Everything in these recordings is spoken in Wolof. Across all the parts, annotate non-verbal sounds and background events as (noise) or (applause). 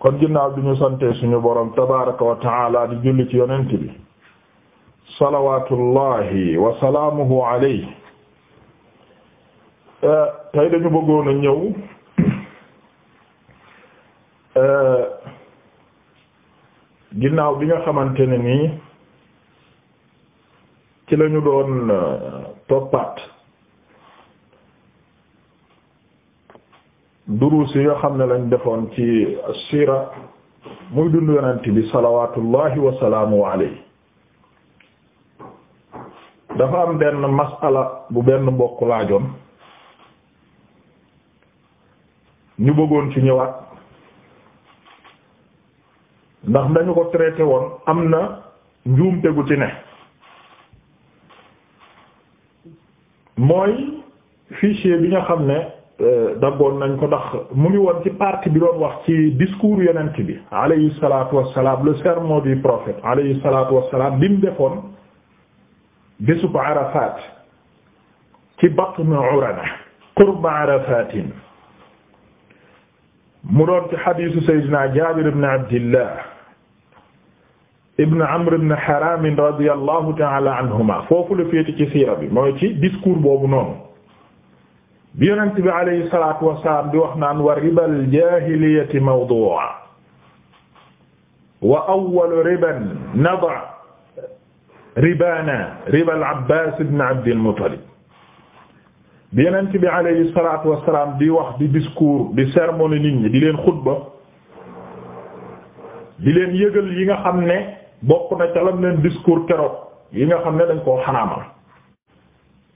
kon ginnaaw bi ñu sante suñu borom tabaraka wa di julli ci yonent bi salawatullahi wa salaamuhu alayhi euh, tey dañu bëggoon ñëw euh, ginnaaw bi nga xamante ne nii ci lañu doon euh, toppaat duruus yi nga xam ne lañ defoon ci siira muy dund yonent bi salawaatullahi wasalaamu alayhi dafa am benn masala bu benn mbokk laajoon ñu bëggoon ci ñëwaat ndax dañu ko traité woon am na njuum tegu ci ne mooy fichier bi nga xam ne Euh, daggoon nañ ko ndax mu ngi woon ci partie bi doon wax ci discours yonent bi alayhi salatu wassalam le sermon du prophète alayhi salatu bi mu defoon bésub Arafat ci batn Urana qurba Arafatin mu doon ci hadisu sayyidina Jabir ibn Abdillah ibn Amr ibn Haram radiyallahu ta'ala anhuma foofu la féete ci siira bi mooy ci discours boobu noonu bi yonent bi alayhi salaatu wassalaam di wax naan wa ribal jaahiliyati mawdu'a wa awwal riban nada ribaana ribal Abbaas ibn Abdil Muttalib bi yonent bi alayhi wax di discours di sermon nit di leen xutba di leen yëgal yi nga xam ne bokk na ca lam leen discours yi nga xam ne dañ koo xaraamal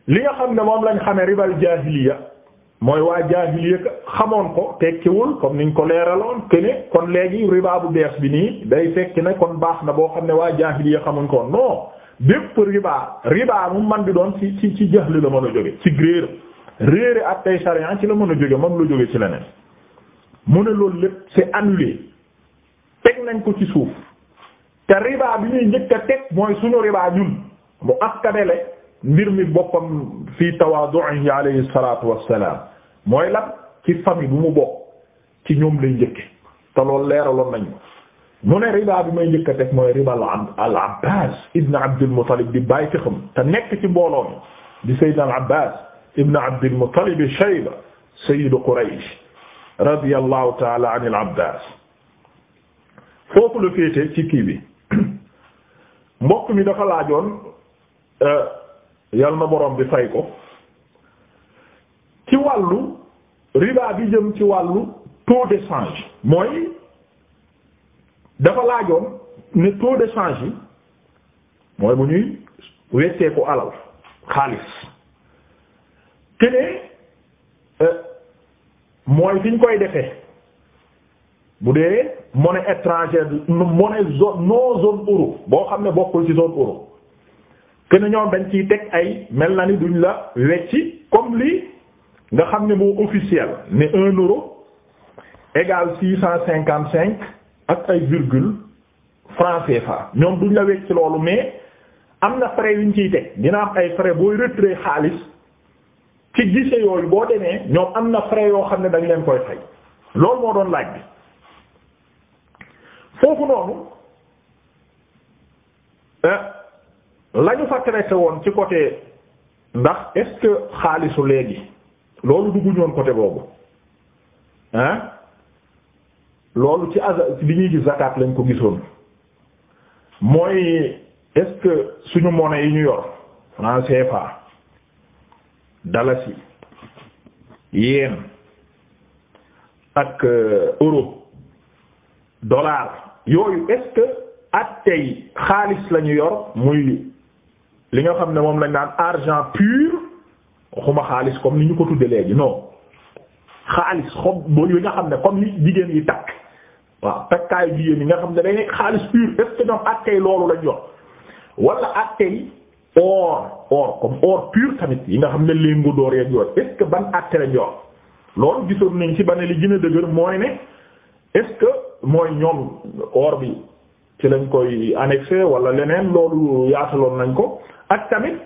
li nga xam ne moom lañ xamee ribal jaahiliya mooy waa jaahiliya xamoon ko tekkiwul comme niñ ko leeraloon que kon léegi riba bu bees bi nii day fekk ne kon baax na boo xam ne waa jaahiliya xamuñ ko non bépp riba riba mu man bi doon ci ci ci li la mën a jóge ci réer réere ak tey ci la mën a jóge moom la jóge ci leneen mu ne loolu lépp si annulé teg nañ ko ci suuf te riba bi ñuy njëkk a teg mooy suñu riba ñun mu askadele mbir mi boppam fii tawaadu'ihi alayhi salaatu mooy lan ci famille bu mu bokk ci ñoom lay njëkke te loolu leeraloon nañ mu ne bi may njëkk a teg mooy riba al abbas ibn abdul muttalib di bàyyi ci xam nekk ci mbooloo mi di sayyidna al abbas ibn abdul muttalib shayba sayyidu quraysh radiyallahu ta'ala anil abbas foofu la féete ci kii bi (coughs) mbokk mi dafa euh, yal na borom bi fay ko ci wàllu riba bi jëm ci wàllu taux de change mooy dafa laajoon ne taux de change yi mooy bu ñuy weccee ko alal xaalis te euh, mooy fi koy defee bu dee monnaie étrangère monnaie zone non zone euro boo xam ne bokkul ci zone euro que ne ñoom dañ ciy teg ay mel na ni duñ la wecci comme lii nga xam ne moo officiel ne un euro égal six cent cinquante cinq ak ay virgule franc fa ñoom duñ la wecci loolu mais am na frais yuñ ciy teg dina am ay frais booy retrait xaalis ci gise yooyu boo demee ñoom am na frais yoo xam ne dañ leen koy fay loolu moo doon laaj bi foofu noonu. Euh, lañu ñu fa traité woon ci côté ndax est-ce que xaalisu léegi loolu dugguñu woon côté boobu ah loolu ci az bi ñuy gis zakat lañ ko gisoon mooy est suñu monnaie yi ñu yor franc CFA dalasi yéen ak euh, euro dollar yooyu est-ce que at xaalis la ñu yor muy. li nga xam ne moom lañ naan argent pur xuma xaalis comme ni ñu ko tudde léegi non xaalis xob bo nga xam ne comme ni jigéen yi takk waaw takkaayu jigéen yi nga xam ne day nekk xaalis pur est-ce que loolu lañ yor wala àttee or or comme or pur tamit yi nga xam ne léngu door yeeg yor est ban àtte lañ yor loolu gisoon nañ ci ba li gën a dëgër mooy ne est-ce mooy ñoom or bi ci lañ koy annexé wala leneen loolu yaataloon nañ ko ak tamit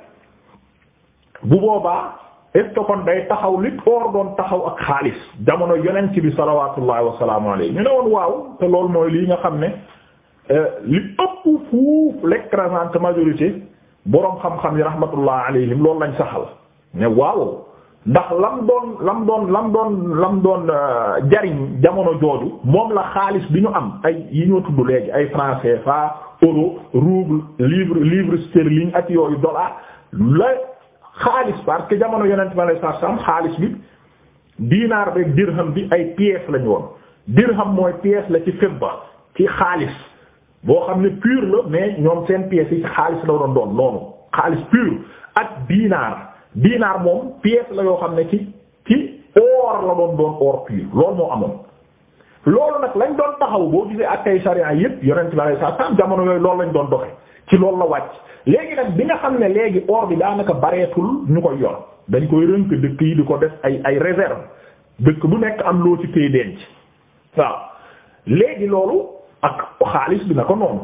bu boobaa est kon day taxaw li toor doon taxaw ak xaalis jamono yonent bi salawaatullahi wa salaamu alayhi ñu ne woon waaw te loolu mooy lii nga xam ne euh, li ëpp fuuf l'écrasante majorité boroom xam-xam yi rahmatullah alayhim loolu lañ saxal ne waaw ndax lam doon lam doon lam doon euh, jariñ jamono jooju moom la xaalis bi ñu am ay yi ñoo tudd léegi ay francs CFA euro rouble livre livre sterling ak yooyu dollar la xaalis parce que jamono yonent bi alayhi salaam xaalis bi dinaar beek dirham bi ay pièces lañu woon dirham mooy pièce la ci fibba ci xaalis boo xam ne pur la mais ñoom seen pièces yi ci xaalis la doon doon noonu xaalis pur ak dinaar dinaar moom pièce la yoo xam ne ci ci or la doon doon or pur loolu moo amoon. loolu nag lañ doon taxaw boo gisee ak tey sariya yépp yonent bi alayhi salaam jamono yooyu loolu lañ doon doxe ci loolu la wàcc léegi nag bi nga xam ne léegi or bi daanaka bareetul ñu koy yor dañ koy rënk dëkk yi di ko def ay ay réserve dëkk bu nekk am loo ci koy denc waaw léegi loolu ak xaalis bi na ko noonu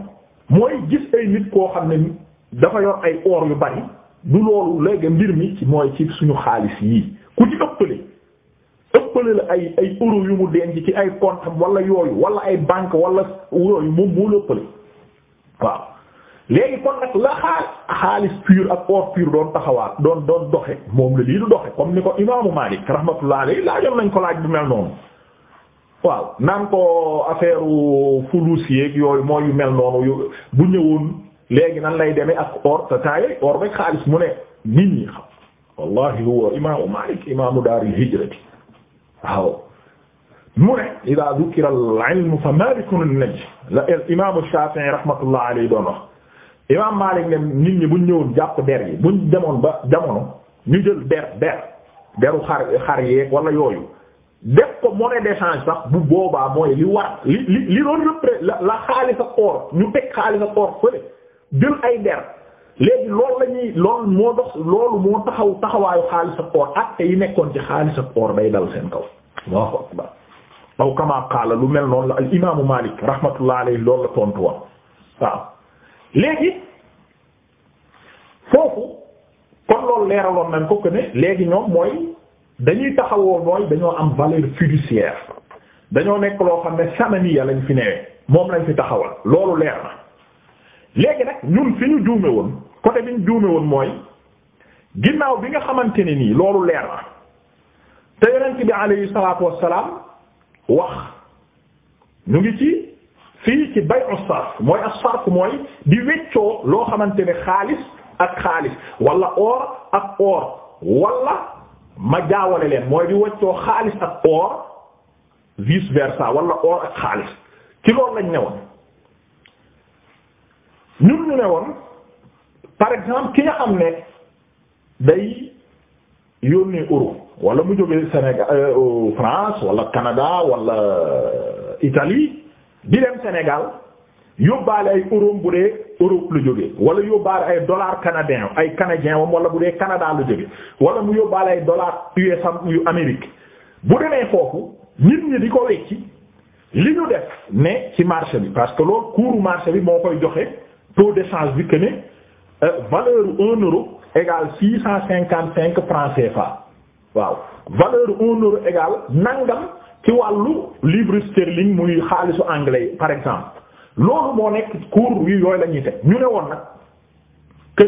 mooy gis ay nit koo xam ne dafa yor ay or yu bari du loolu léegi mbir mi ci mooy ci suñu xaalis yii ku ci ëppale ëppale la ay ay euro yu mu denc ci ay compte wala yooyu wala ay banque wala yooyu moom moo la ëppale waaw léegi kon nag la xaalis pur ak or pur doon taxawaat doon doon doxe moom la lii du doxe comme ni ko imaamu Maalik rahmatullah alayhi laajoon nañ ko laaj bu mel noonu waaw naan ko affaire fulus yeeg yooyu mooy yu mel noonu bu ñëwoon léegi nan lay demee ak or te taayee or xaalis mu ne nit ñi xam wallahi huwa imaamu Maalik imaamu daaril hijrati waaw mu ne ida dhukira al-ilmu fa Malik ne nit ñi buñ ñëwoon jàpp der yi buñ demoon ba jamono ñu jël der der deru xar xar yeeg wala yooyu def ko monnaie d'échange sax bu boobaa mooy li war li li li doon repré la xaalis ak or ñu teg xaalis ak or fële jël ay der léegi loolu la ñuy loolu moo dox loolu moo taxaw taxawaayu xaalis ak or ak yi nekkoon ci xaalis ak or day dal seen kaw Allahu akbar aw kama qaala lu mel noonu la al imaamu Maalik rahmatullah alayhi loolu la tontu woon waaw léegi foofu kon loolu leeraloon nañ ko que ne léegi ñoom mooy dañuy taxawoo mooy dañoo am valeur fiduciaire dañoo nekk loo xam ne samaniya lañ fi newee moom lañ fi taxawal loolu leer na. léegi nag ñun fi ñu juume woon côté bi ñu juume woon mooy ginnaaw bi nga xamante ni nii loolu leer na te yonent bi alayhi salaatu wassalaam wax ñu ngi ci fii ci bay'u sarf mooy as-sarf mooy di weccoo loo xamante ne xaalis ak xaalis walla or ak or wala ma jaawale leen mooy di weccoo xaalis ak or vice versa wala or ak xaalis ci loolu lañ newoon ñun ñu ne woon par exemple ki nga xam ne day yónnee euro wala mu jógee Sénégal euh, France walla Canada wala euh, Italie di dem Sénégal yóbbaale ay euro bu dee Europe la jógee wala yóbbaale ay dollar canadien ay canadien wam bu dee Canada la jógee wala mu yóbbaale ay dollar US yu Amérique bu demee foofu nit ñi di ko wecci li ñu def ne ci marché bi parce que loolu cours marché bi moo koy joxe taux d'échange bi que ne euh, valeur un euro égale six cent cinquante cinq francs fa waaw valeur un euro égale nangam ci wàllu livre sterling muy xaalisu anglais par exemple loolu moo nekk cours yu yooyu la ñuy teg ñu ne woon nag que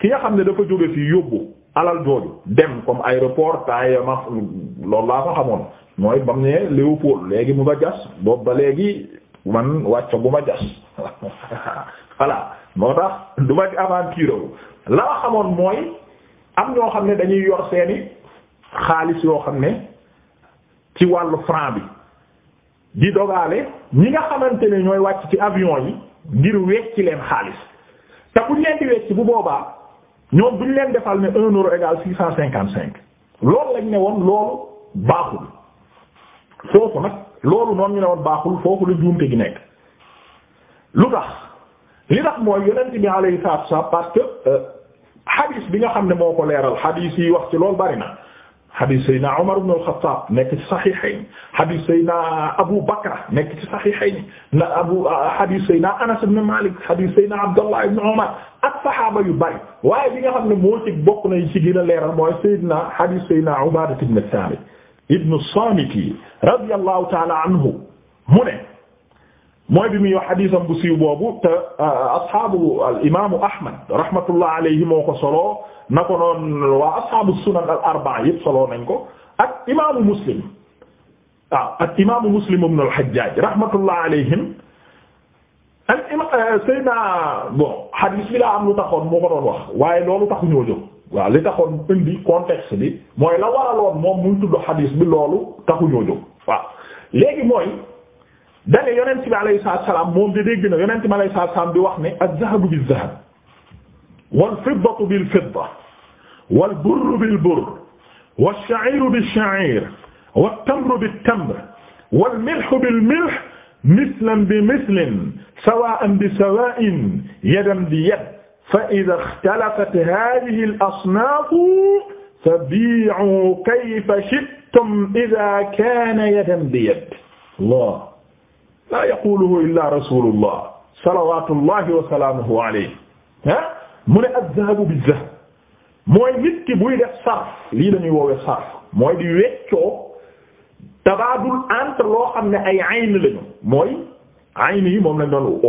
ki nga xam ne dafa jóge fii yóbbu alal jooju dem comme aéroport tayama loolu laa ko xamoon mooy bam ne Léopold léegi mu nga jas boobu ba léegi man wàcc bu ma jas (laughs) voilà moo tax du ma ci aventure la xamoon mooy am ñoo xam ne dañuy yor seeni xaalis yoo xam ne ci wàllu franc bi di dogaale ñi nga xamante ne ñooy wàcc ci avion yi ngir ci leen xaalis te bu ñu leen di wecc bu boobaa ñoom bu leen defal ne un euro égal six cent cinquante cinq loolu lañ ne woon baaxul foofu nag loolu noonu ñu ne woon baaxul foofu la juumte gi nekk lu tax li tax mooy yonent bi alayhi salaatu salaam parce que euh, hadith bi nga xam ne moo ko leeral hadith yi wax ci loolu bari na hadith Seydina Umar ibn al-Khattab nekk ci Sahihayn hadith Seydina Abu Bakra nekk ci Sahihayn na Abu euh, hadith Seydina Anas ibn Malik hadith Seydina Abdullah ibn Umar ak saxaaba yu bari waaye bi nga xam ne moo ci bokk na ci gën a leeral mooy Seydina hadith Seydina Ubaada ibn Saamit ibn Saamit radiyallahu ta'ala anhu mu ne mooy bi mi wax xadiisam bu siiw boobu te asxaabu al imaamu Ahmad ko solo na ko noon waa asxaabu sunan al ko ak imaamu muslim waaw ak imaamu muslim ibn al hajjaj rahmatullah alayhim al imaam Seyna am lu taxoon moo ko wax waaye loolu taxu ñoo jóg waaw li taxoon indi contexte bi mooy la waraloon loolu tax ñoo jóg mooy. dane yonent bi alayhi salaatu salaam moom di dégg na yonent bi alayhi salaatu salaam di wax ne az-zahabu biz-zahab wal-fiddatu bil-fidda wal-burru bil-burr wash-sha'iiru bish-sha'iir wat-tamru bit-tamr wal-milhu bil-milh mislan bi-mislin sawaa'an bi-sawaa'in yadan bi-yad fa-idhaa ikhtalafat haadhihi al-asnaafu fabii'uu kayfa shi'tum idhaa kaana yadan bi-yad Allah laa yaquluhu illa rasulullah salawatullahi wa salaamuhu alayhi ah mu ne az-zahabu biz-zahab mooy nit buy def sarf lii la ñuy woowee sarf mooy di weccoo tabaadul entre loo xam ne ay ayn lañu mooy ayn yi moom lañ doon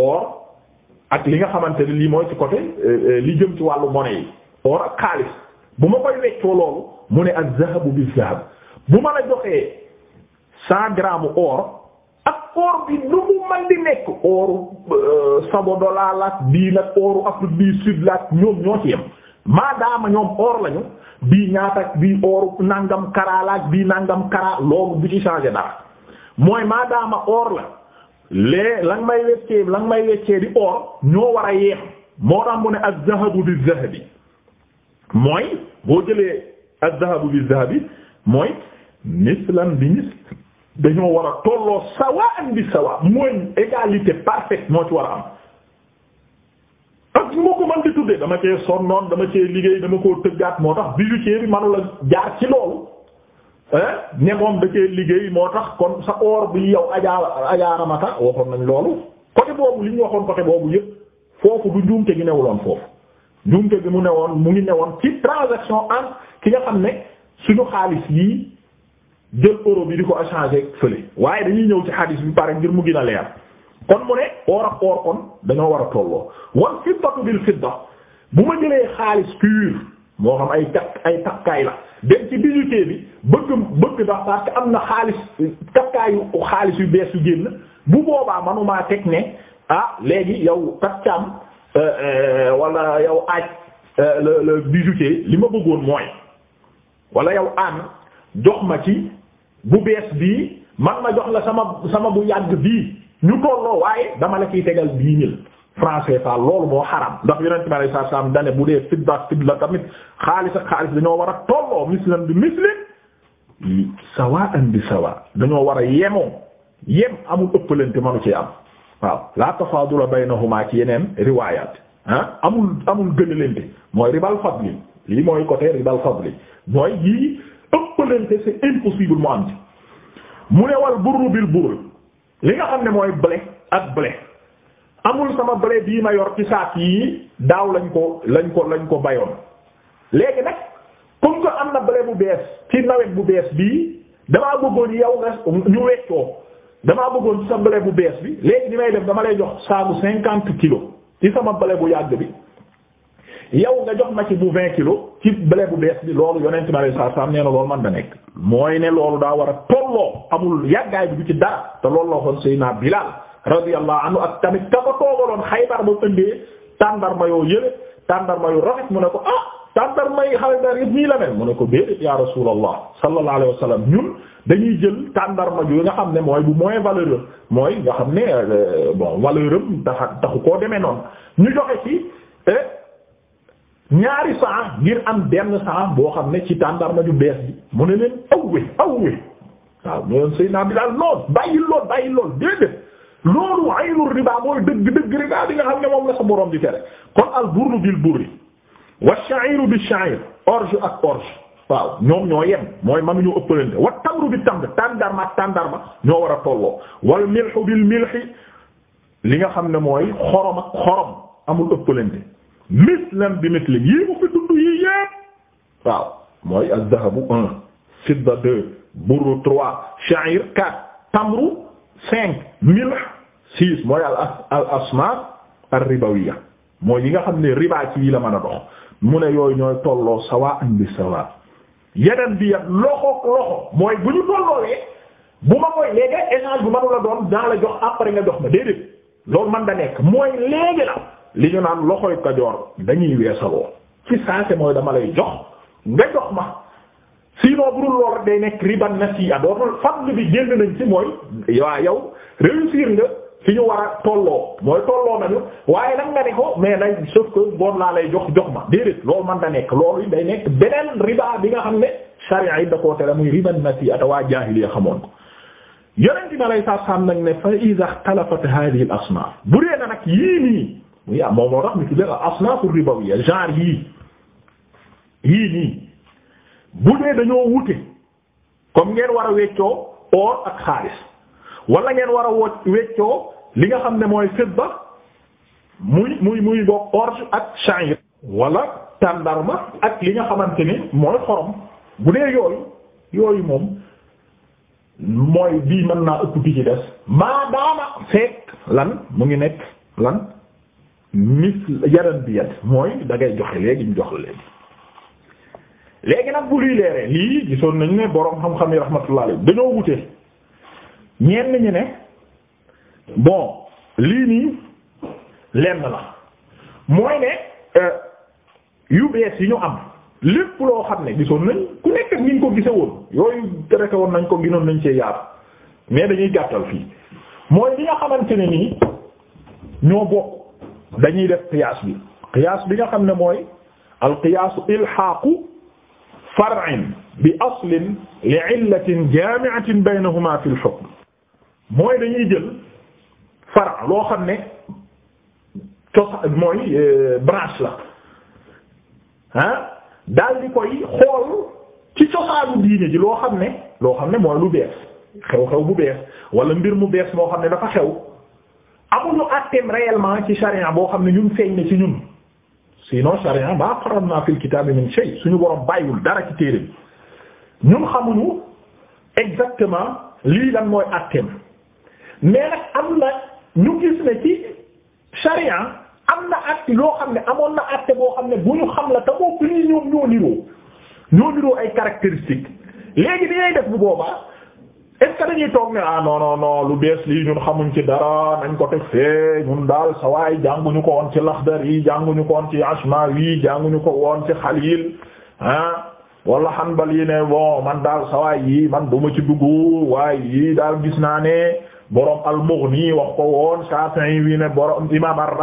ak li nga xamante ne lii mooy ci côté euh, li jëm ci wàllu monnaie yi or ak xaalis bu ma koy weccoo loolu mu ne az-zahabu biz-zahab bu ma la joxee cent grammes or or bi lu mu man di nekk ooru euh, Sabodala bii nag ooru Afrique bii sud la ñoom ñoo ci yem maadaama ñoom or lañu bii ñaataak bii ooru nangam karaa la bii nangam karaa loolu bu ci changé dara mooy maadaama or la lee la may weccee la nga may weccee di or ñoo war a yeex moo tax mu ne az-zahabu biz mooy boo jëlee az-zahabu biz-zahabi mooy mislan bi misl dañoo war a tolloo sawaan bi sawa mooy égalité parfaite moo ci war a am ak moo ko mën di tuddee dama cee sonnoon dama cee liggéey dama koo tëggaat moo tax bijoutier bi manu la jaar ci loolu ne moom da cee liggéey moo tax kon sa or bi yow ajaa ajaaramata waxoon nañ loolu côté boobu li ñu waxoon côté boobu yëpp foofu du njuumte gi newuloon foofu njuumte gi mu newoon mu ngi newoon ci transaction entre ki nga xam ne suñu xaalis yii jël euro bi di ko échanger fële waaye dañuy ñëw ci xadis bi pare ngir mu gën a leer kon mu ne or ak or kon dañoo war a tolloo wal fiddatu bil fidda bu ma jëlee xaalis pur moo xam ay takk ay takkaay la dem ci bijoutier bi bëgg bëgg ndax parce que am na xaalis takkaayu xaalis yu bees yu génn bu boobaa manumaa teg ne ah léegi yow takkaam euh, euh, wala yow aaj euh, le le bijoutier li ma bëggoon mooy wala yow aan jox ma ci bu bees bii man ma jox la sama sama bu yàgg bii ñu tolloo waaye dama la ciy tegal dix mille français fa loolu moo xaram ndax ma bi alayhi salaam dane bu dee fidda fidda tamit xaalis ak xaalis dañoo war a tolloo mislan bi mislin sawaan bi sawa dañoo war a yemoo yem amul ëppalante manu ci am waaw la tafaadula baynahuma ci yeneen riwaayaat ah amul amul gënalante mooy ribal fadli lii mooy côté ribal fadli mooy yii ëppalante c'est impossible mu am ci mu ne wal burru bil burr li nga xam ne mooy blé ak blé amul sama blé bii ma yor ci saak yi daaw lañ ko lañ ko lañ ko bayoon léegi nag comme que am na blé bu bees ci nawet bu bees bii damaa bëggoon yow nga ñu weccoo damaa bëggoon ci sa blé bu bees bi léegi di may dem dama lay jox saaku cinquante kilo ci sama blé bu yàgg bi yow nga jox ma ci bu vingt kilos ci blé bu bees bi loolu yonent bi alayhi salaam nee na loolu man da nekk mooy ne loolu daa war a tolloo amul yàggaay bi du ci dara te loolu la waxoon Seydina Bilal radiyallahu anhu ak tamit ka ko toogaloon Xaybar ba ma tàndarma yoo yële ma yu rafet mu ne ko ah tàndarma yi Xaybar yëpp nii la mel mu ne ko déedéet ya Rasulallah sallallahu alayhi wa sallam ñun dañuy jël tàndarma yu nga xam ne mooy bu moins valeur mooy nga xam ne euh, bon valeur am taxa taxu koo demee noonu ñaari saa ngir am benn saa boo xam ne ci tàndarma ju bees bi mu ne leen awwe awwe waaw ñoo sëy naa bi daal lool bàyyi lool bàyyi lool déedéet loolu aynul riba mooy dëgg dëgg riba bi nga xam ne moom la sa borom di tere kon al burru bil burri wa sha'iru bil sha'ir orge ak orge waaw ñoom ñoo yem mooy mënuñu ëppalante wa tamru bi tamr tàndarma ak tàndarma ñoo war a tolloo wal milhu bil milhi li nga xam ne mooy xorom ak xorom amul ëppalante mislan bi misli yii mu fi dund yii yépp waaw mooy az-zahabu un fidda deux burru trois sha'ir quatre tamru cinq milh six mooy al al asma ar-ribawiyya mooy yi nga xam ne riba ci yi la man a dox mu ne yooyu ñooy tolloo sawa an bi yadan bi yat loxook loxo mooy bu ñu tolloolee bu ma mooy léegi échange bu mënu la doon daan la jox après nga jox ma déedéet loolu man da nekk mooy léegi la li ñu naan loxoy kajoor dañuy weesaloo ci saase mooy dama lay jox nga jox ma sinon bu dul lool day nekk riban nasi'a dootul fadl bi génn nañ ci mooy waa yow réussir nga fi ñu war a tolloo mooy tolloo nañu waaye nag nga ne ko mais nag sauf que bon laa lay jox jox ma déedéet loolu man da nekk loolu day nekk beneen riba bi nga xam ne sharia ay da koo tere muy riban nasi'a te waa jaahiliya xamoon ko. yeneen ci lay sax xam nag ne fa iza ikhtalafat hadhihi al asnaf yaa ah, moom moo tax ñu tuddee la asnaafu ya genre yii yii nii bu dee dañoo wute comme ngeen war a weccoo or ak xaalis wala ngeen war a wo weccoo li nga xam ne mooy fidda muy muy muy bokk orge ak sha'ir wala tàndarma ak li nga xamante ni mooy xorom bu dee yooyu yooyu moom mooy bii mën naa ëpp bi ci des maadaama fekk lan mu ngi nekk lan mis yadan bi mooy dangay ngay joxe léegi ñu jox la léegi léegi nag bu luy leeree lii gisoon nañu ne boroom xam-xam yi rahmatullah alayhi dañoo wute ñenn ñi ne bon lii nii lenn la mooy ne euh, yu bees yi ñu am lépp loo xam ne gisoon nañ ku nekk ni ko gise woon yooyu traité woon nañ ko ginoon nañ cee yaatu mais dañuy gàttal fii mooy li nga xamante nii ñoo bokk dañuy def qiyaas bi bi nga xam ne mooy al qiyaasu ilxaaqu far'in bi aslin li illatin jaami'atin baynahuma fi al hukm mooy dañuy jël far loo xam ne cosa mooy euh, branche la ah daal di koy xool loo xam ne loo xam ne mooy lu bees xew-xew bu bees wala mbir mu bees moo xam ne dafa xew amuñu àtteem réellement ci sharia boo xam ne ñun feeñ na ci ñun sinon sharia ba faratna fil kitaabi min shay suñu borom bàyyiwul dara ci téere xamuñu exactement lii mooy àtteem mais nag am na ñu gis ne ci sharia am na àtte loo xam ne amoon na àtte boo xam ne bu ñu xam la te boo pli ñoom ñoo niroo ñoo niroo ay caractéristiques léegi dañuy def bu booba est ce que toog ne a ah, non non lu bees lii ñun xamuñ ci dara nañ ko teg fee daal sa waay jànguñu ko woon ci laxdar yi jànguñu ko woon ci asma yi jànguñu ko woon ci xalil ah wala xanbal yi ne bon man daal sa waay yi man duma ci duggu waay yi daal gis naa ne borom al-Mughni wax ko woon yi wi ne borom imam ar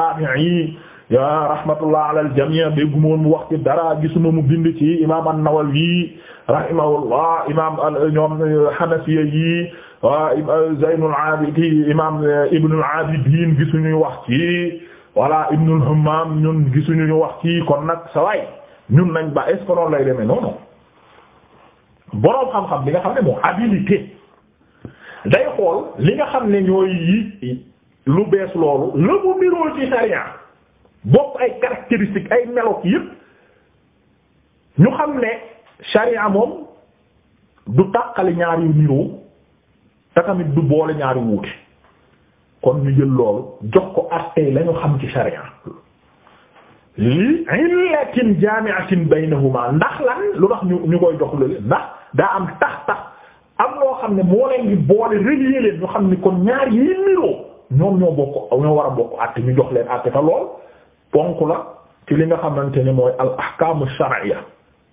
ya rahmatullah ala al jami' déggumoon mu wax gisuma mu bind ci imam an-Nawawi rahimahullah imam ñoom Hanafiya yi wa Zaynul Abidin Abidin gisuñu wax ci wala Ibnul Hammam ñun gisuñu wax ci kon nag sa ñun nañ ba est ce que noonu boroom xam-xam bi nga xam ne moo habilité day xool li nga xam ne ñooy yi lu bees loolu la mu niroo ci sariya bokk ay caractéristiques ay melo yëpp ñu xam ne sharia moom du tàqali ñaar yu niroo te tamit du boole ñaar yu wuute kon ñu jël loolu jox ko attey la ñu xam ci sharia lii illatin jaami'atin baynahuma ndax lan lu tax ñu ñu koy jox loolu ndax daa am tax tax am loo xam ne moo leen di boole relier leen ñu xam ni kon ñaar yi niroo ñoom ñoo bokk ñoo war a bokk àtte ñu jox leen àtte te lool ponk la ci li nga xamante ne mooy al ahkaamu shar'iyya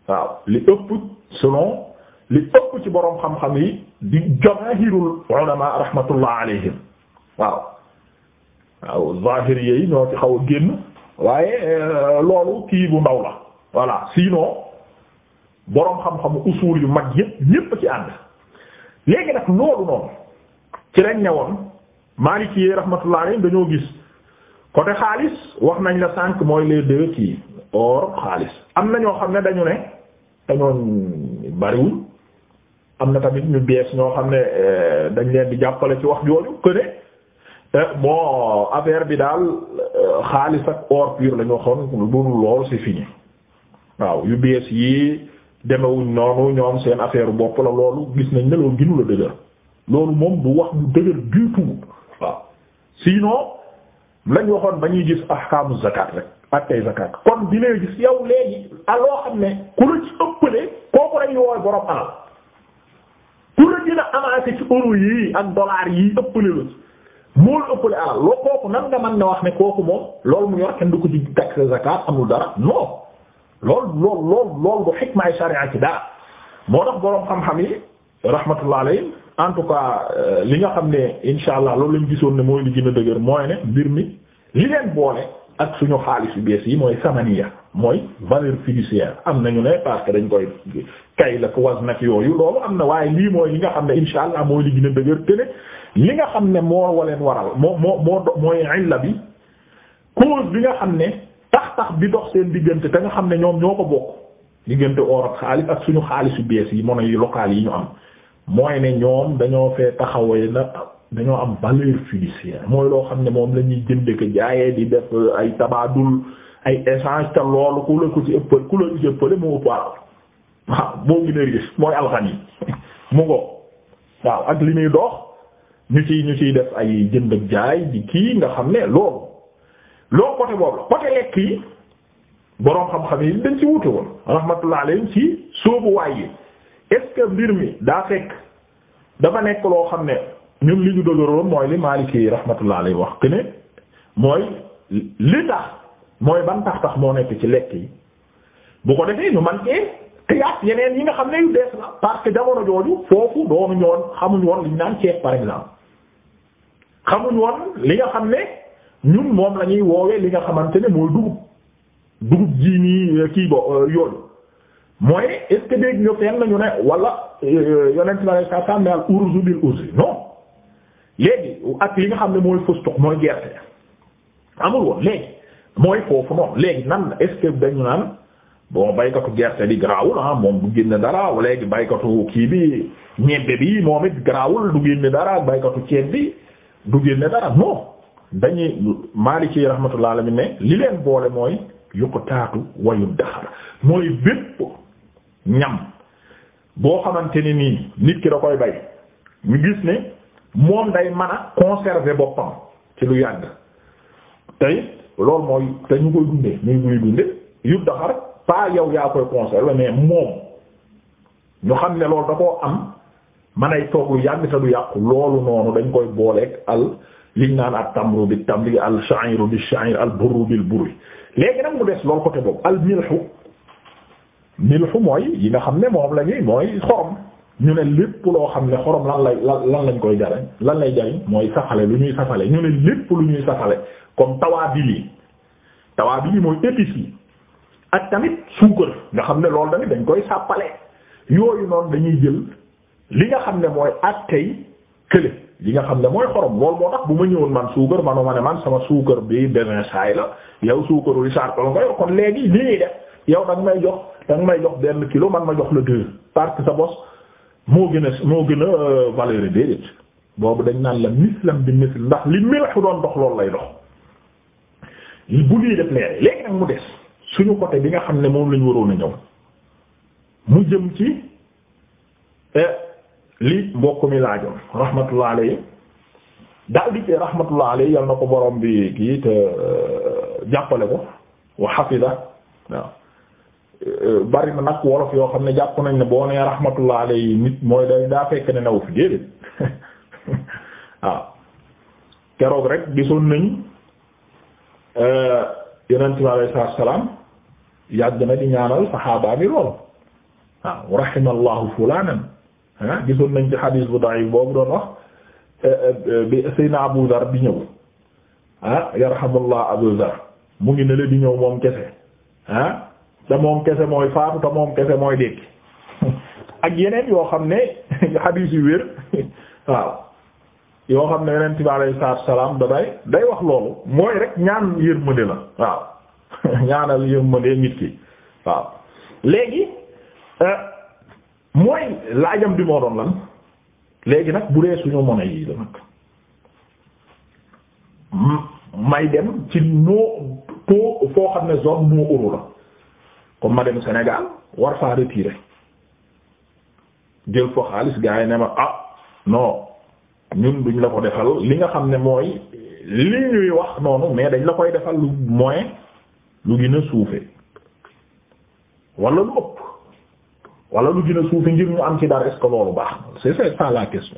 waaw li ëpp selon li ëpp ci boroom xam-xam yi di jamaahirul ulama rahmatullah alayhim waaw waaw zahiri yi ñoo ci xaw a génn waaye euh, loolu kii bu ndaw la voilà sinon boroom xam-xamu usuul yu mag yépp ñépp ci ànd léegi nag loolu noonu ci lañ ñëwoon Maliki yi rahmatullah alayhim dañoo gis côté xaalis wax nañ la sànq mooy les deux kii or xaalis am na ñoo xam ne dañu ne dañoo bariwul am na tamit ñu bees ñoo xam ne euh, dañ leen di jàppale ci wax jooju que ne euh, bon affaire bi daal euh, xaalis ak or pur la ñu waxoon lu dul lool c'est fini waaw yu bees yi demewuñ noonu ñoom seen affaire bopp la loolu gis nañ ne loolu gënu la loolu moom du wax du dëgër du tout waaw lañ waxoon ba ñuy gis ahkaamu zakat rek ak tey zakat kon dina gis yow léegi loo xam ne ku la ci ëppale kooku lañuy wooy borom alal ku la dina amaase ci euro yii ak dollar yii ëppale la ci moo la loo kooku nan nga mën na wax ne kooku moom loolu mu yor kenn du ko ci tax zakat amul dara non lool lool lool lool bu xikmaay sharia ci moo tax boroom xam-xam yi rahmatullah alayhi en tout cas euh, li nga xam ne insha allah loolu lañ gisoon ne mooy li gën a dëgër mooy ne mbir mi li leen boole ak suñu xaalis yu bees yi mooy samaniya mooy valeur fiduciaire am nañu ne parce que dañ koy kay la ko was nag yooyu loolu am na waaye lii mooy li nga xam ne insha allah mooy li gën a dëgër te li nga xam ne moo waleen waral moo moo moo mooy illa bi cause bi nga xam ne tax tax bi dox seen diggante te nga xam ne ñoom ñoo ko bokk diggante or ak xaalis ak suñu xaalis yu bees yi monnaie locale yi ñu am mooy ne ñoom dañoo fee taxawee na dañoo am valeur fiduciaire mooy loo xam ne moom la ñuy jënd ko jaayee di def euh, ay tabaadul ay échange te loolu ku la ko ci ëppal ku la ko ci ëppale moo ëpp alal waaw mooy alxani (laughs) mu ngo waaw ak li muy dox ñu ci ñu ciy def ay jënd jaay di kii nga xam ne loolu loolu côté boobu la côté lekk yi boroom xam-xam yi dañ ci wute woon rahmatullah alayhim ci sóobu waay yi est mbir mi daa fekk dafa nekk loo xam ne ñun li ñu dëgëroon mooy li Maliki yi rahmatullah alayhi wax que mooy li tax mooy ban tax tax moo nekk ci lekk yi bu ko defee ñu man cee xiyaat yeneen yi nga xam ne yu dees la parce que jamono jooju foofu doonu ñoon xamuñ woon li ñu naan ceeb par exemple xamuñ woon li nga xam ne ñun moom lañuy ñuy woowee li nga xamante ne mooy dugub dugub ji nii kii bo euh, yooyu mooy est-ce que dégg nga fenn ñu ne wala euh, yonent na rek sa sànni al urzu bil urzi non léegi ak li nga xam ne mooy fëstox mooy gerte amul woon léegi mooy foofu noonu léegi nan est-ce que dañu naan bon baykatu gerte bi garaawul ah moom du génne dara léegi baykatu kii bi ñebbe bi moom it garaawul du génne dara baykatu ceeb bi du génne dara non dañuy Maliki rahmatullah alamin ne li leen boole mooy yuqtaatu wayud daxar mooy bépp. ñam boo xamante ne nii nit ki da koy bay ñu gis ni moom day mën a conserver boppam ci lu yàgg tey loolu mooy te ñu koy dundee ñu koy dundee yub daxar pas yow yaa koy conserver mais moom ñu xam ne loolu da koo am man ay toog lu yàgg te du yàqu loolu noonu dañ koy booleeg al liñ naan ak tamru bi tamri al sha'iru bi sha'ir al burru bil burri léegi nag mu des loolu côté boobu al milhu milxu mooy yi nga xam ne moom la mooy xorom ñu ne lépp loo xam ne xorom lan lay lan lañ koy jariñ lan lay jariñ mooy safale lu ñuy safale ñu ne lépp lu ñuy safale comme tawaabil yi tawaabil yi mooy épices yi ak tamit suukar nga xam ne loolu tamit dañ koy sàppale yooyu noonu dañuy jël li nga xam ne mooy ak tey kële li nga xam ne mooy xorom loolu moo tax bu ma ñëwoon man suukar manoo ma ne man sama suukar bi benn saay la yow suukaru Richard Toll nga kon léegi li ñuy yow da nga may jox da may jox benn kilo man ma jox la deux parce que sa bos moo gën a moo gën a euh, valeur déedéet boobu dañ naan la mislam bi misl ndax li milxu doon dox loolu lay dox bu lii def leere léegi nag mu des suñu côté bi nga xam ne moom lañ waroon a ñëw mu jëm ci euh, li mbokk mi laajoon rahmatullah alayhi di ci rahmatullah alayhi yal na ko borom bi kii te euh, jàppale ko wa xafida waaw bari na nag wolof yoo xam ne jàpp nañ ne boo nee rahmatullah alayhi nit mooy day daa fekk ne naw fi déedéet waaw (laughs) ah. keroog rek gisoon nañ eh, yonent bi alayhi salaatu salaam yàgg na di ñaanal saxaaba bi ah, waaw rahimallahu fulaanan ah, gisoon nañ ci xadiis bu da'if boobu doon wax eh, eh, bi Seydina Abu Dar bi ñëw ah Abu Dar mu ngi ne di ñëw moom kese te moom kese mooy faatu te moom kese mooy dégg ak yeneen yoo xam ne (laughs) xadiis yu wér (laughs) waaw yoo xam ne yonent bi alayhi salaatu salaam da day wax loolu mooy rek ñaan yërmande la waaw (laughs) ñaanal yërmande nit ki waaw léegi euh, mooy laajam bi moo doon lan léegi nag bu dee suñu mën a yi la nag may dem ci noo too foo xam ne zone moo uru la comme ma dem Sénégal war faa retiré jël fo xaalis gars yi ne ma ah non ñun duñ la ko defal li nga xam ne mooy li ñuy wax noonu mais dañ la koy defal lu moyen lu gën a suufe wala lu ëpp wala lu gën a suufe ngir mu am ci dara est-ce que loolu baax c'est c'est ça la question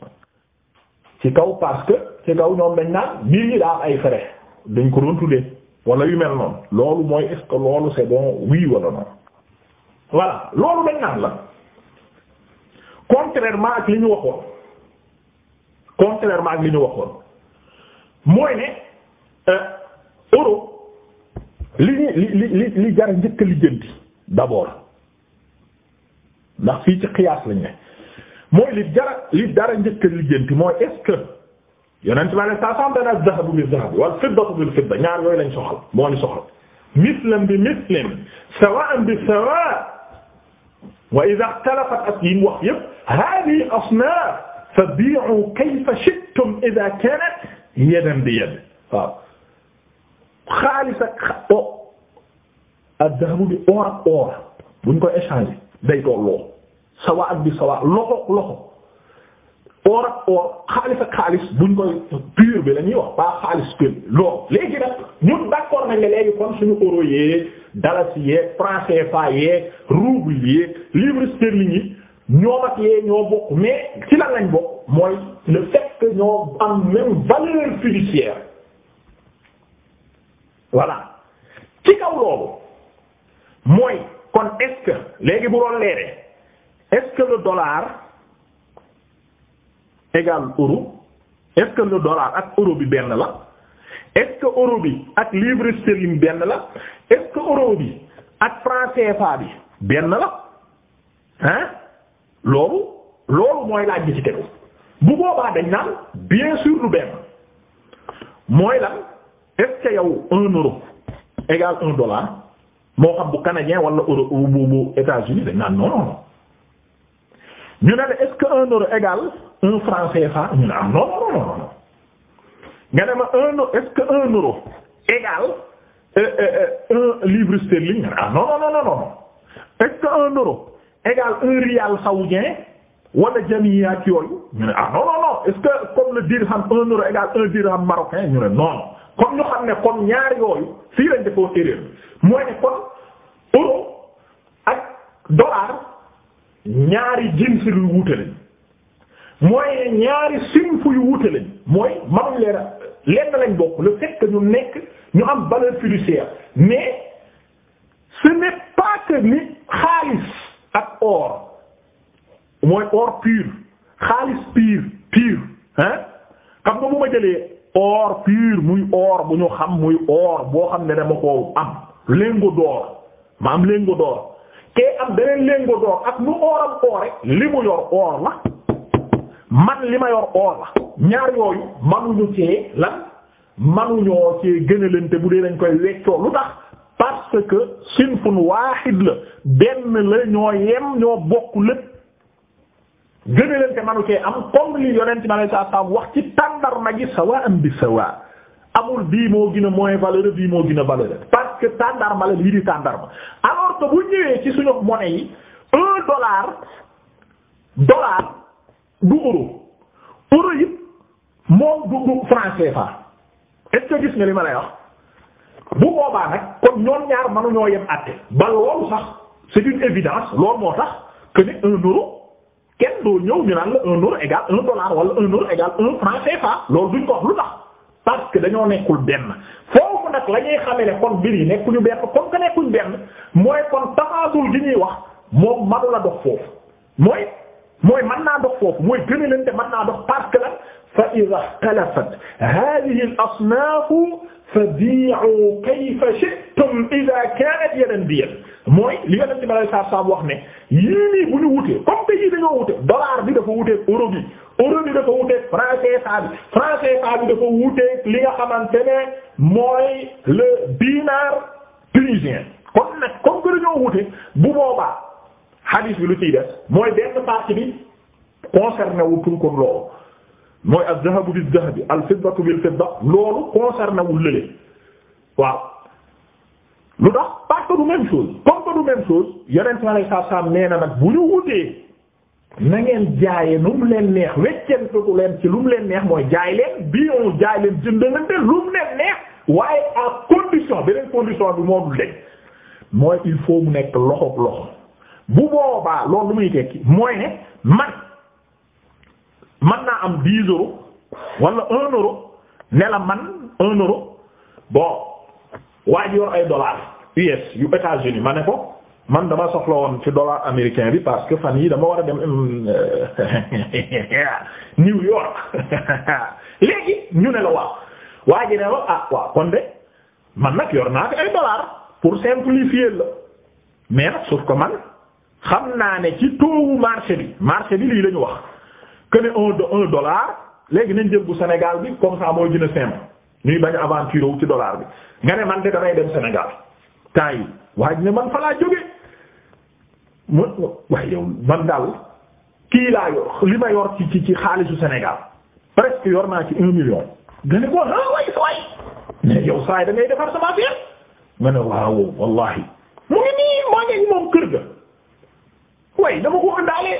ci kaw parce que ci kaw ñoom dañ naan biir yi daa ay frais dañ ko doon tuddee wala yu mel noonu loolu mooy est que loolu c'est bon oui wala non loolu dañ naan la contrairement ak li ñu waxoon contrairement ak li ñu waxoon mooy ne euh, euro li ñu li li li jar njëkk li jënti d'abord ndax fii ci xiyaas lañ ne mooy li jara li dara njëkk li jënti mooy est yonent bi alayhi salaam dana az-zahabu biz-zahabi wal fiddatu bil-fidda ñaar yooyu lañ soxla moo ni soxla mislan bi mislin sawa'an bi sawa' wa idha ikhtalafat ak yi mu wax yëpp hadhihi asnaf fabi'u kayfa shi'tum idha kanat yadan bi yad waaw xaalis ak o az-zahabu bi or ak or buñ ko échanger day tolloo sawa'an bi sawa' loxo loxo or ak or xaalis ak xaalis buñ koy pur bi la ñuy wax pas xaalis pur loolu léegi nag ñun d'accord nañ ne léegi kon suñu euro yeeg dalasi yeeg franc CFA yeeg rouble yeeg livre sterling yi ñoom ak yee ñoo bokk mais ci lan lañ bokk mooy le fait ñoo am même valeur fiduciaire voilà ci kaw loolu mooy kon est léegi bu doon leeree est dollar. égal euro est-ce dollar ak euro bi benn la est-ce euro bi ak livre sterling benn la est euro bi ak franc CFA bi benn la hein loolu loolu mooy laaj bi ci tegu bu boobaa dañ naan bien sûr lu benn mooy lan est-ce un euro égal un dollar moo xam bu canadien wala euro bu bu États-Unis dañ naan non non ñu ne la est un euro égal un franc CFA ñu ne am non non non non nga ne ma un est-ce que un euro égal euh, euh, euh, un livre sterling nga ne ah non est-ce que un euro égal un rial saoudien wala jamia ak yooyu ñu ne ah non non est-ce que comme le dirham un euro égal un dirham marocain ñu ne non comme ñu xam ne comme ñaar yooyu fii lañ defoon erreur mooy ne kon euro ak dollar ñaari jëm si lu wute mooy ñaari sinf yu wuute lañ mooy mënuñ leen lenn lañ bokk le fait que ñu nekk ñu am valeur fiduciaire mais ce ni xaalis ak or mooy or pur xaalis pur pur hein xam nga bu ma jëlee or pur muy or bu ñu xam muy or boo xam ne dama ko am lingot d'or ma am lingot d'or kee am beneen lingot d'or ak nu oram or rek li mu yor or la man li ma yor oor la ñaar yooyu manuñu cee lan manuñoo cee gënalante bu dee dañ koy weccoo lu tax parce que sinfun waaxid la benn la ñoo yem ñoo bokk lépp gënalante manu cee am comme li yonent bi alayhi salaam wax ci tàndar ma gi sawa'an bi sawa amul bii moo gën a moins bii moo gën a valeur parce que tàndarma la lii di tàndarma alors que bu ñëwee ci suñu monnaie yi un dollar dollar du euro euro yi moom du du franc CFA que gis nga li ma lay wax bu boobaa nag kon ñoom ñaar mënuñoo yem àtte ba loolu sax c'est une évidence loolu moo tax que ne un euro ñëw ñu naan la un euro égal un dollar wala un euro égal un franc CFA loolu duñ ko wax lu tax parce que dañoo nekkul benn foofu nag la ñuy xamee ne kon mbir yi nekkuñu benn comme que nekkuñ benn mooy kon tafaadul gi ñuy wax moom manu la dox foofu mooy. mooy mën naa dox foofu mooy gën a leen te mën naa dox parce la fa idha ikhtalafat hadhihi al-asnaf fabi'u kayfa shi'tum idha kanat yadan bi yad mooy li nga dem ci balay saab saab wax ne yii nii bu ñu wutee comme que dollar bi dafa wuteeg euro bi euro bi dafa wuteeg franc bi franc CFA bi dafa li nga xamante ne mooy le dinar tunisien kon nag comme que dañoo wute bu boobaa. xadiis bi lu ciy def mooy benn partie bi concerné wu pour kon loolu mooy az-zahabu biz-zahabi al-fiddatu bil-fidda loolu concerné wu lële waaw lu tax parce que du même chose comme que du même chose yeneen saa lay saabsaab nee na nag bu ñu wutee na ngeen jaayee nu mu leen neex weccantu leen ci lu mu leen neex mooy jaay leen bii yow jaay leen jëndante lu mu leen neex waaye à condition beneen condition bi moo dul léegi mooy il faut mu nekk loxoog loxo. bu boobaa loolu lu muy tekki mooy ne man man naa am dix euros wala un euro ne la man un euro bon waa ji yor ay dollars US yu États-Unis ma ne ko man dama soxla woon ci dollar américain bi parce que fan yi dama war a dem euh, (laughs) New York (laughs) léegi ñu ne la waaw waa ji ne la ah waaw kon de man nag yor naa fi ay dollars pour simplifier la mais nag sauf man xam naa ne ci toowu marché bi marché bi lii la wax que ne un un dollar léegi nañ jël bu Sénégal bi comme ça mooy gën a simple ñuy bañ aventure ci dollar bi nga ne man de damay dem senegal temps yi waaye ne man fa laa jógee man daal kii laa yor li ma yor ci ci ci xaalisu Sénégal presque yor naa ci un million. nga ko ah waay sa waay mais saa yi da ngay defar sama affaire nga ne waaw wallaahi mu ngi nii maa ngi moom kër ga. way dama ko ëndaalee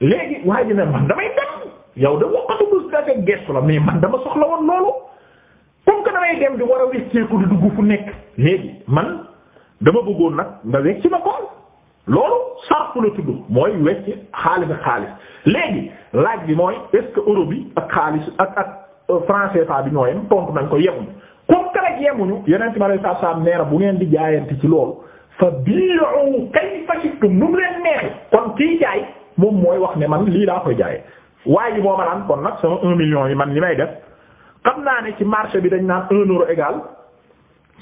léegi waa ji ne man damay dem yow de waxatu bés dafa gestu la mais man dama soxla woon loolu comme que damay dem di war a wecceeku di dugg fu nekk léegi man dama bëggoon nag nga wecc ma ko loolu sarfu la tudd mooy wecc xaalis ak xaalis léegi laaj bi mooy est-ce que bi ak xaalis ak ak euh, franc CFA bi ñoo yem tontu nañ ko yemuñu comme que nag yemuñu yeneen ci ma lay saabsaab nee na bu ngeen di jaayante ci loolu. fa bi'u kayfa shi'tum nu mu leen neexee kon kii jaay moom mooy wax ne man lii daa koy jaay waaye ji booba naan kon nag sama un million yi man li may def xam naa ne ci marché bi dañ naan un euro égal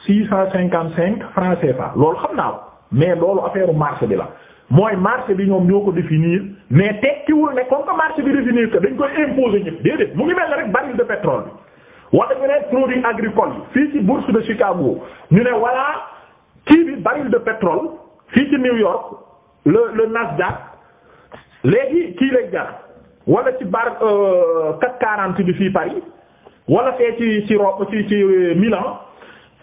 six cent cinquante cinq francs CFA loolu xam naa ko mais loolu affaire marché bi la. mooy marché bi ñoom ñoo ko définir mais tekkiwul ne comme que marché bi définir que dañ koy imposer ñëpp déedéet mu ngi mel ne rek baril de pétrole bi wala ñu ne produits agricoles kii bi baril de pétrole fii ci New York le le Nasdaq léegi kii lay jar wala ci bar 440 euh, bi fii Paris wala fee ci ci Rome ci ci Milan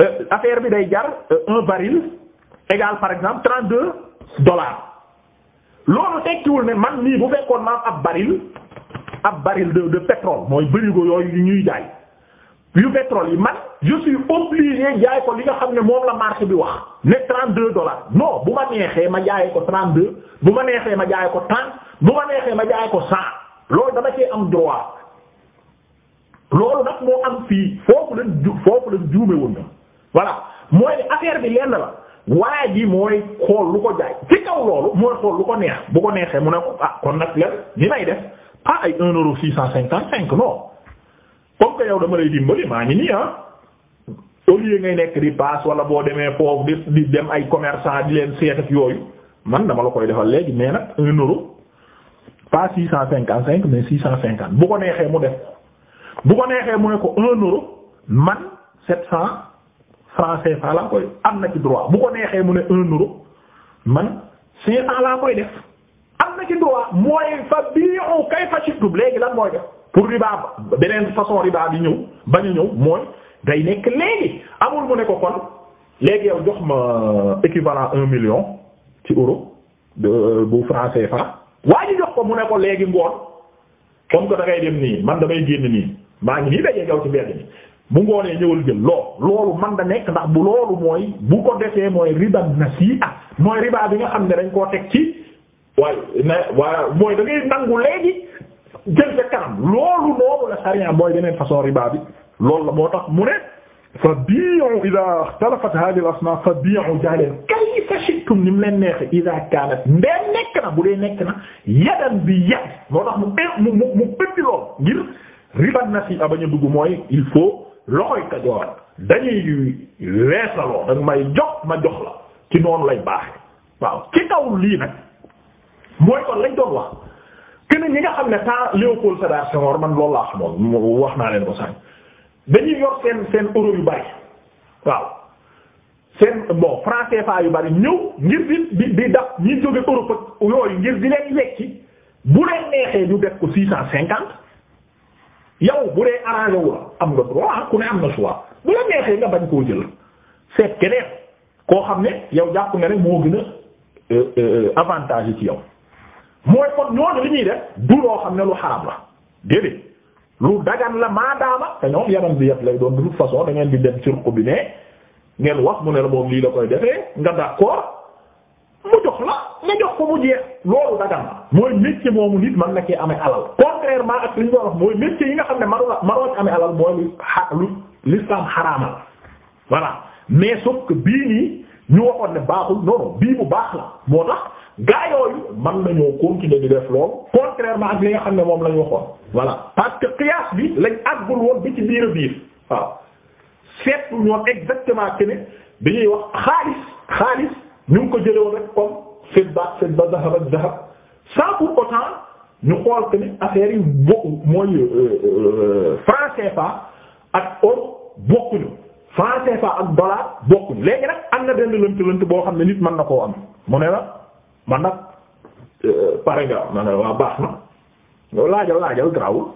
euh, affaire bi day jar euh, un baril égal par exemple 32 dollars loolu tekkiwul ne man nii bu fekkoon ma am ab baril ab baril de de pétrole mooy bërigo yooyu ñuy jaay. yu pétrole yi man je suis obligé jaay ko li nga xam ne moom la marché bi wax ne 32 dollars non bu ma neexee ma jaay ko 32 bu ma neexee ma jaay ko 30 bu ma neexee ma jaayee ko 100 loolu dama cee am droit loolu nag moo am fii foofu lañ ju foofu lañ juume woon voilà mooy ne affaire bi lenn la waa ji mooy xool lu ko jaay ci kaw loolu mooy xool lu ko neex bu ko neexee mu ne ko ah kon nag lenn li may def pas ay 1 euro 655 non. comme que yow dama lay dimbali maa ngi nii ah au lieu ngay nekk di paas wala boo demee foofu di di dem ay commerçant di leen seet yooyu man dama la koy defal léegi mais nag un euro pas six cent cinquante cinq mais six cent cinquante bu ko neexee mu def ko neexee mu ne ko un euro man sept cent francs CFA laa koy am na ci droit bu ko neexee mu ne un euro man cinq cent laa koy am na ci droit mooy fa biiru kay fa ci tub léegi lan mooy def pour riba beneen façon riba bi ñëw bañ ñëw mooy day nekk léegi amul mu ne ko kon léegi yow jox ma équivalent un million ci euro euh, bu franc CFA waa jox ko mu ne ko léegi ngoon comme que da dem nii man damay génn nii maa ngi nii dajee gaw ci mbedd mi bu ngoonee ñëwal jël loolu man da nekk ndax bu loolu mooy bu ko defee mooy riba nasi'a mooy riba bi nga xam ne dañ koo teg ci waaye mooy da nangu léegi jël sa kanam loolu loolu sariya mooy beneen façon riba bi loolu la moo tax mu ne fa bi'u idha ikhtalafat hadhihi al-asnaf fa bi'u jaleen kayfa shi'tum ni mu leen neexe idha kanat ndeen nekk bu dee nekk na yadan bi yad moo tax mu mu mu ëtti lool ngir riba na si abañ a dugg mooy il faut loxoy kajoor dañuy weesaloo danga may jox ma jox la ci noonu lay baaxe waaw ci kaw lii nag mooy kon lañ doon wax keneen ñi nga xam ne temps Léopold Sédar Senghor man loolu laa xamoon wax naa leen ko sànq dañuy yor seen seen euro yu bari waaw seen bon franc yu bari ñëw ngir di di daf ñi jóge Europe ak yooyu ngir di leen wecci bu leen neexee ñu def ko six cent cinquante yow bu dee arrangé wu la am nga droit ah ku ne am na choix bu la neexee nga bañ koo jël seet keneen koo xam ne yow jàpp nga ne moo gën a euh, euh, euh, avantage ci yow. mooy kon ñooñu li ñuy de du loo xam ne lu xaram la déedéet lu dagan la maadaama te ñoom yaram bi yëpp lay doon de toute façon da di dem ci ko bi ne ngeen wax mu ne la moom lii la koy defee nga d'accord mu jox la nga jox ko mu jeex loolu dagan la mooy métier moomu nit mën na cee amee alal contrairement ak li ñu doon wax mooy métier yi nga xam ne manu la manoo ci amee alal mooy lu xa lu l'islam xaraama voilà mais sauf bii nii ñu waxoon ne baaxul non non bii bu baax gaa yooyu mën nañoo continuer di def loolu contrairement ak li nga xam ne moom lañ waxoon voilà parce que qiyaas bi lañ àggul woon bi ci biir a biir waaw seetlu ñoom exactement que ne dañuy wax xaalis xaalis ñu ngi ko jëlee woon rek comme fidda fidda zahab ak zahab sans pour autant ñu xool que ne yi bokku mooy euh, euh, franc fa ak euro bokkuñu franc CFA ak dollar bokkuñu léegi nag am na benn lënt lënt boo xam ne nit mën na koo am mu ne la. man nag euh, pare nga ma ne waa baax na yow laajal laajal garaawul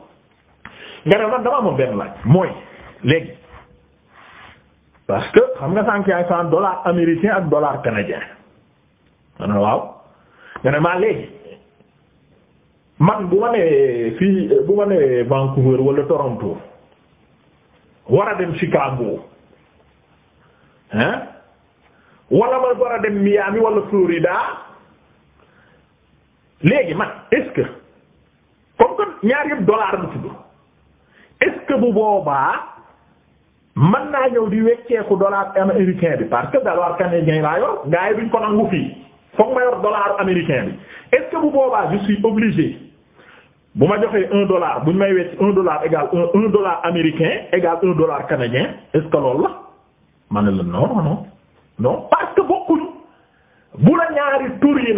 nga ne man dama amoon benn laaj mooy léegi parce que xam nga sànq yaay cent dollars américain ak dollar canadien ma ne waaw nga ne maa léegi man bu ma nee fii bu ma Vancouver wala Toronto war a dem Chicago hein wala ma war a dem Miami wala Florida. léegi man est comme que ñaar yëpp dollar bu tudd est-ce bu boobaa mën naa ñëw di wecceeku dollar américain bi parce que dollar canadien laa yor gars yi ko nangu fii foog ma yor dollar américain bi est-ce bu boobaa je suis bu ma joxee un dollar buñ may wecc un dollar égal un dollar américain égal un dollar canadien est-ce la ma ne la non non non parce que bokkuñu bu la ñaari tur yi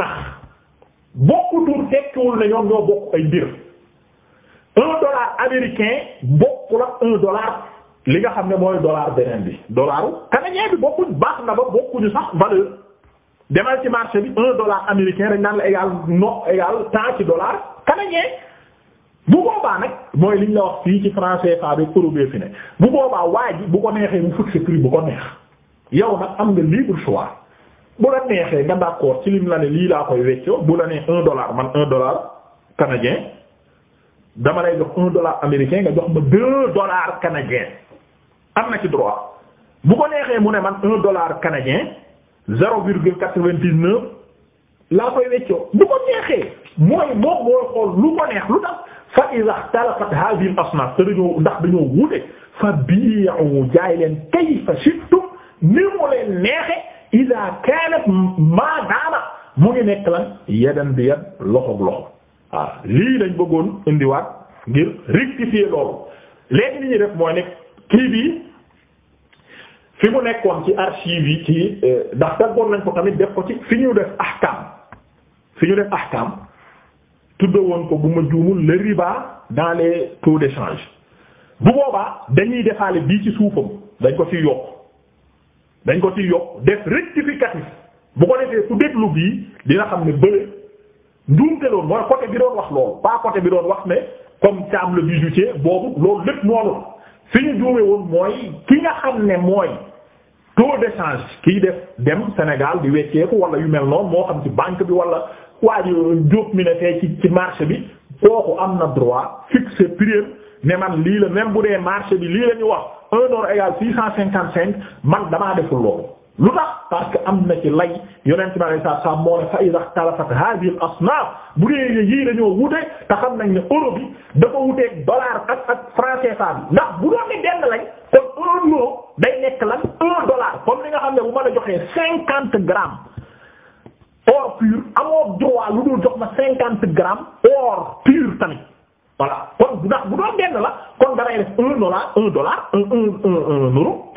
bokku tur tekkiwul ne ñoom ñoo bokk ay mbir un dollar américain bokku la un dollar li nga xam ne mooy dollar beneen bi dollaru canadien bi bokkuñ baax na ba bokkuñu sax valeur demal ci marché bi un dollar américain dañ naan la égal no égal tant ci dollar canadien bu boobaa nag mooy liñ la wax fii ci français fa bi euro bi fi ne bu boobaa waa ji bu ko neexee mu fixer prix bu ko neex yow nag am nga libre choix bu la neexee nga d'accord ci lim la ne lii laa koy weccoo bu la nee un dollar man un dollar canadien dama lay jox un dollar américain nga jox ma deux dollars canadien am na ci droit bu ko neexee mu ne man un dollar canadien zéro virgule quatre vingt mooy moom mooy xool lu ko neex lu tax fa iza ikhtalafat hadhihi al-asnaf te dañoo ndax dañoo wute fa bi'u jaay leen kayfa shi'tum ni mu leen neexee ida kanat maa daama mu ngi nekk lan yadan bi yad loxoog loxo waaw ah, lii dañ bëggoon indiwaat ngir rectifier loolu léegi li ñuy def mooy nekk kii bi fi mu nekkoon ci archive yi ci eh, ndax taggoon nañ ko tamit def ko ci fi ñu def ahkam fi ñu def ahkam tuddawoon ko bu ma juumul le riba dans les taux d'échange bu boobaa dañuy defaale bii ci suufam dañ ko ci yokk dañ ko ci yokk def rectificatif bu ko defee ku déglu bii dina xam ne bële njuumte loolu mooy côté bi doon wax loolu pas côté bi doon wax ne comme Thiam le bijoutier boobu loolu lépp noonu la fi ñu juume woon mooy ki nga xam ne mooy de change kiy def dem Sénégal di wecceeku wala yu mel noonu moo xam ci banque bi wala waa ji jóob mi ne fee ci ci marché bi kooku am na droit fixer prix ne man lii la même bu dee marché bi lii la ñu wax. un heure égale six cent cinquante cinq man damaa deful loolu lu tax parce que am na ci lay yonent bi alayhi salaam moo ne fa iza ikhtalafat hadhihi bu dee yii dañoo wute te xam nañ ne euro bi dafa wuteeg dollar ak ak franc CFA ndax bu doon ni benn lañ kon euro day nekk lan un dollar comme li nga xam ne bu ma a joxee cinquante grammes or pur amoo droit lu dul jox ma cinquante grammes or pur tamit voilà kon bu ndax bu doon benn la kon da ngay def un dollar un dollar un un un un euro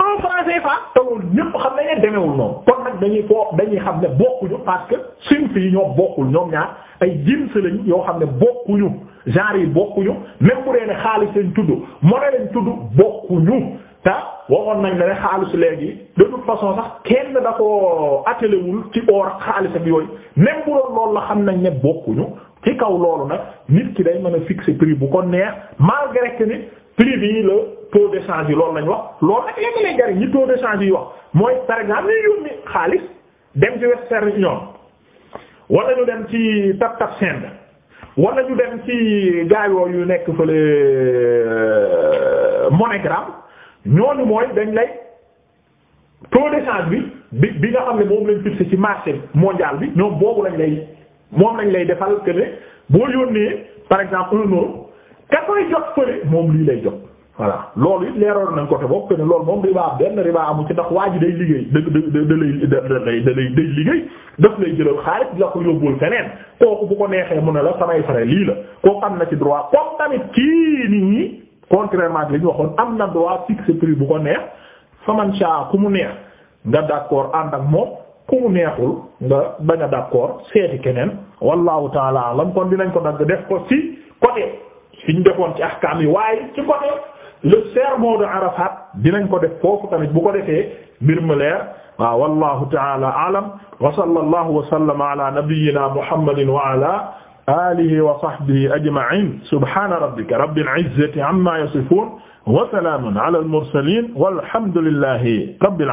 un franc CFA te loolu ñëpp xam nañ ne demeewul noonu kon nag dañuy foo dañuy xam ne bokkuñu parce que suñu fii ñoo bokkul ñoom ñaar ay yoo xam ne bokkuñu genre yi bokkuñu même bu dee ne xaalis lañ tudd monnaie lañ tudd bokkuñu te waxoon nañ la ne xaalis léegi de toute façon sax kenn da ko attelewul ci or xaalis ak yooyu même bu la xam nañ ne bokkuñu. ci kaw loolu nag nit ki day mën a fixer prix bu ko neex malgré que ni prix bii la taux de change yi loolu lañ wax loolu nag léegi lay jariñ ñi taux de change yi wax mooy par exemple ñuy yónni xaalis dem ci Western Union wala ñu dem ci Tap Tap Send wala ñu dem ci gaayoo yu nekk fële euh, MoneyGram ñooñu mooy dañ lay taux de change bi bi bi nga xam ne moom lañ fixé ci marché mondial bi ñoom boobu lañ lay. moom lañ lay defal que ne boo yónnee par exemple un euro ka koy jot fële moom lii lay jot voilà loolu it leeroon nañ côté boobu que ne loolu moom riba benn riba amu ci ndax waa ji day liggéey da da da lay da da lay day liggéey def lay jëlal xaalis la ko yóbbul feneen kooku bu ko neexee mu ne la samay frais lii la koo xam na ci droit comme tamit kii nit ñi contrairement li waxoon am na droit fixe prix bu ko neex man sha ku mu neex nga d'accord ànd ak moom. ku mu neexul nga bañ a d'accord seeti keneen wallahu taala alam kon dinañ ko dagg def ko ci côté suñ defoon ci ahkaam yi waaye ci côté le sermon de Arafat dinañ ko def foofu tamit bu ko defee mbir mu leer waaw wallahu taala alam wa sallallahu wa sallama ala nabiyyina muhammadin wa ala alihi wa sahbihi ajma'in subhana rabbika rabbil izzati amma yasifun wa salamun ala al mursalin walhamdulillahi rabbil